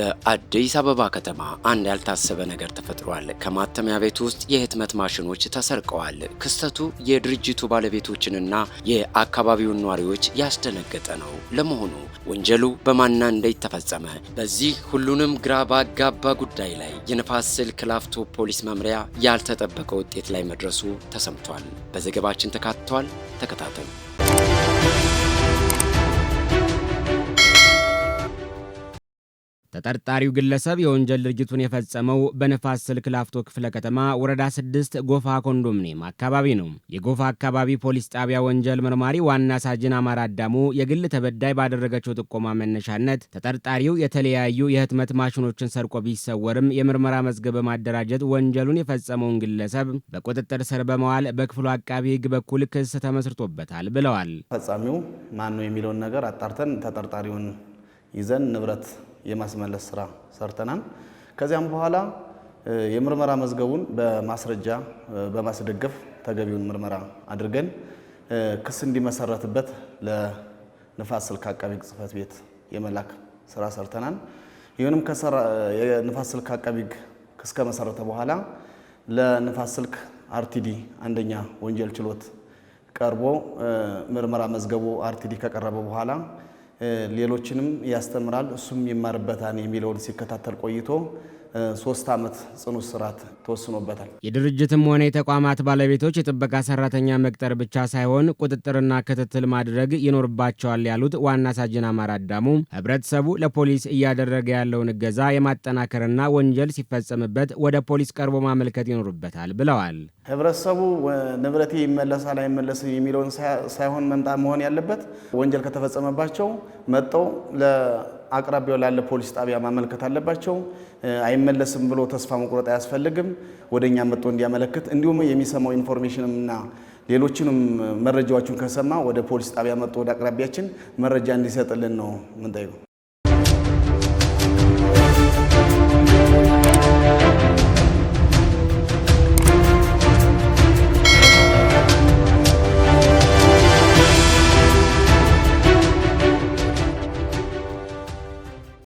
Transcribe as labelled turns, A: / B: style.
A: በአዲስ አበባ ከተማ አንድ ያልታሰበ ነገር ተፈጥሯል። ከማተሚያ ቤት ውስጥ የህትመት ማሽኖች ተሰርቀዋል። ክስተቱ የድርጅቱ ባለቤቶችንና የአካባቢውን ነዋሪዎች ያስደነገጠ ነው። ለመሆኑ ወንጀሉ በማና እንዴት ተፈጸመ? በዚህ ሁሉንም ግራ ባጋባ ጉዳይ ላይ የንፋስ ስልክ ላፍቶ ፖሊስ መምሪያ ያልተጠበቀ ውጤት ላይ መድረሱ ተሰምቷል። በዘገባችን ተካትቷል። ተከታተሉ።
B: ተጠርጣሪው ግለሰብ የወንጀል ድርጊቱን የፈጸመው በንፋስ ስልክ ላፍቶ ክፍለ ከተማ ወረዳ ስድስት ጎፋ ኮንዶሚኒየም አካባቢ ነው። የጎፋ አካባቢ ፖሊስ ጣቢያ ወንጀል መርማሪ ዋና ሳጅን አማራ አዳሙ የግል ተበዳይ ባደረገችው ጥቆማ መነሻነት ተጠርጣሪው የተለያዩ የህትመት ማሽኖችን ሰርቆ ቢሰወርም የምርመራ መዝገብ በማደራጀት ወንጀሉን የፈጸመውን ግለሰብ በቁጥጥር ስር በመዋል በክፍሉ አቃቢ ህግ በኩል ክስ ተመስርቶበታል ብለዋል።
C: ፈጻሚው ማን ነው የሚለውን ነገር አጣርተን ተጠርጣሪውን ይዘን ንብረት የማስመለስ ስራ ሰርተናል። ከዚያም በኋላ የምርመራ መዝገቡን በማስረጃ በማስደገፍ ተገቢውን ምርመራ አድርገን ክስ እንዲመሰረትበት ለንፋስ ስልክ አቃቢ ሕግ ጽሕፈት ቤት የመላክ ስራ ሰርተናል። ይሁንም የንፋስ ስልክ አቃቢ ሕግ ክስ ከመሰረተ በኋላ ለንፋስ ስልክ አርቲዲ አንደኛ ወንጀል ችሎት ቀርቦ ምርመራ መዝገቡ አርቲዲ ከቀረበ በኋላ ሌሎችንም ያስተምራል እሱም ይማርበታል የሚለውን ሲከታተል ቆይቶ ሶስት ዓመት ጽኑ እስራት ተወስኖበታል።
B: የድርጅትም ሆነ የተቋማት ባለቤቶች የጥበቃ ሰራተኛ መቅጠር ብቻ ሳይሆን ቁጥጥርና ክትትል ማድረግ ይኖርባቸዋል ያሉት ዋና ሳጅን አማራ አዳሙ ህብረተሰቡ ለፖሊስ እያደረገ ያለውን እገዛ የማጠናከርና ወንጀል ሲፈጸምበት ወደ ፖሊስ ቀርቦ ማመልከት ይኖርበታል ብለዋል።
C: ህብረተሰቡ ንብረቴ ይመለሳል አይመለስ የሚለውን ሳይሆን መምጣ መሆን ያለበት ወንጀል ከተፈጸመባቸው መጠው አቅራቢያው ላለ ፖሊስ ጣቢያ ማመልከት አለባቸው። አይመለስም ብሎ ተስፋ መቁረጥ አያስፈልግም። ወደ እኛ መጥቶ እንዲያመለክት እንዲሁም የሚሰማው ኢንፎርሜሽንም እና ሌሎችንም መረጃዎችን ከሰማ ወደ ፖሊስ ጣቢያ መጥቶ ወደ አቅራቢያችን መረጃ እንዲሰጥልን ነው ምንጠይቀው።